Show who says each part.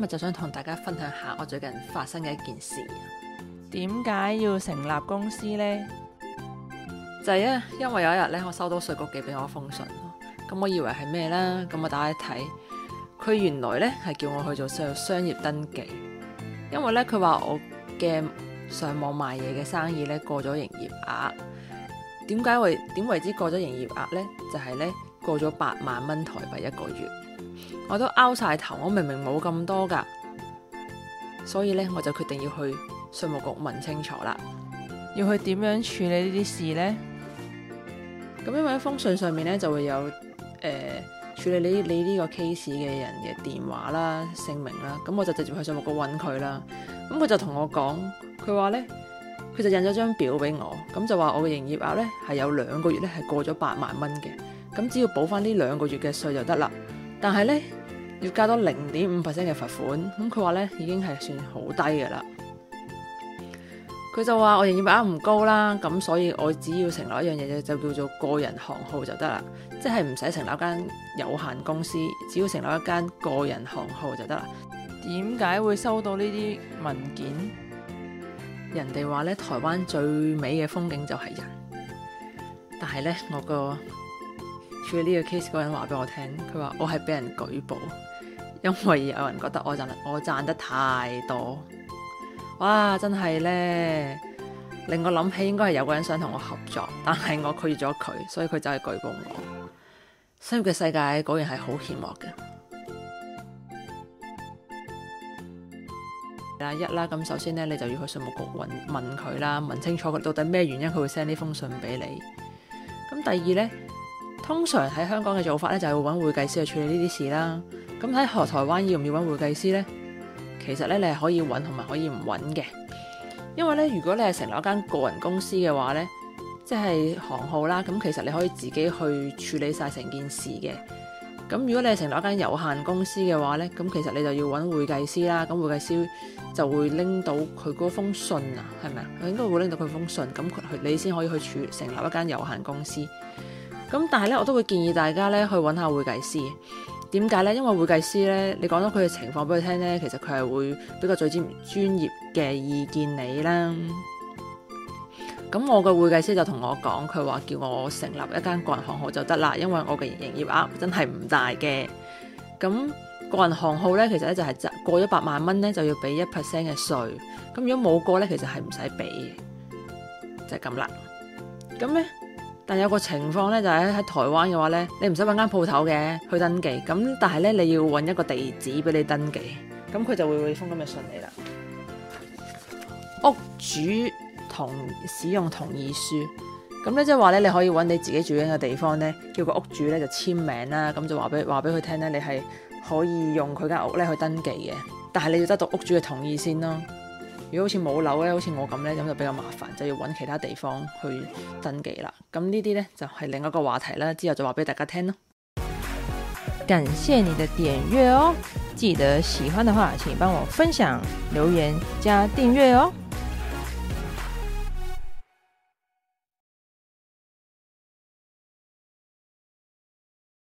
Speaker 1: 今日就想同大家分享下我最近發生嘅一件事。點解要成立公司呢？就係啊，因為有一日咧，我收到稅局寄俾我封信咯。咁我以為係咩呢？咁我打開一睇，佢原來呢係叫我去做商商業登記。因為呢，佢話我嘅上網賣嘢嘅生意呢過咗營業額。點解會點為之過咗營業額呢？就係呢。過咗八萬蚊台幣一個月，我都拗晒頭，我明明冇咁多㗎，所以咧我就決定要去稅務局問清楚啦。要去點樣處理呢啲事呢？咁因為喺封信上面咧就會有誒、呃、處理你你呢個 case 嘅人嘅電話啦、姓名啦，咁我就直接去稅務局揾佢啦。咁佢就同我講，佢話呢，佢就印咗張表俾我，咁就話我嘅營業額呢，係有兩個月呢，係過咗八萬蚊嘅。咁只要補翻呢兩個月嘅稅就得啦，但係呢，要加多零點五 percent 嘅罰款。咁佢話呢已經係算好低㗎啦。佢就話我營業額唔高啦，咁所以我只要成立一樣嘢就叫做個人行號就得啦，即係唔使成立間有限公司，只要成立一間個人行號就得啦。點解會收到呢啲文件？人哋話呢，台灣最美嘅風景就係人，但係呢，我個。呢、這個 case 個人話俾我聽，佢話我係俾人舉報，因為有人覺得我賺我賺得太多。哇，真係咧，令我諗起應該係有個人想同我合作，但係我拒絕咗佢，所以佢就係舉報我。商業嘅世界果然係好險惡嘅。第一啦，咁首先呢，你就要去稅務局搵問佢啦，問清楚佢到底咩原因佢會 send 呢封信俾你。咁第二呢？通常喺香港嘅做法咧，就係會搵會計師去處理呢啲事啦。咁喺台灣要唔要搵會計師呢？其實咧，你係可以搵同埋可以唔搵嘅，因為咧，如果你係成立一間個人公司嘅話呢，即係行號啦。咁其實你可以自己去處理晒成件事嘅。咁如果你係成立一間有限公司嘅話呢，咁其實你就要搵會計師啦。咁會計師就會拎到佢嗰封信啊，係咪啊？佢應該會拎到佢封信，咁佢你先可以去處成立一間有限公司。咁但係咧，我都會建議大家咧去揾下會計師。點解咧？因為會計師咧，你講咗佢嘅情況俾佢聽咧，其實佢係會比較最專專業嘅意見你啦。咁我嘅會計師就同我講，佢話叫我成立一間個人行號就得啦，因為我嘅營業額真係唔大嘅。咁個人行號咧，其實咧就係過一百萬蚊咧就要俾一 percent 嘅稅。咁如果冇過咧，其實係唔使俾。就係咁啦。咁咧？但有個情況咧，就係喺台灣嘅話咧，你唔使揾間鋪頭嘅去登記，咁但係咧你要揾一個地址俾你登記，咁佢就會會封咁嘅信你啦。屋主同使用同意書，咁咧即係話咧你可以揾你自己住緊嘅地方咧，叫個屋主咧就簽名啦，咁就話俾話俾佢聽咧，你係可以用佢間屋咧去登記嘅，但係你要得到屋主嘅同意先咯。如果好似冇樓咧，好似我咁咧，咁就比較麻煩，就要揾其他地方去登記啦。咁呢啲咧就係另一個話題啦，之後就話俾大家聽咯。感謝你的點閱哦，記得喜歡的話請幫我分享、留言加訂閱哦。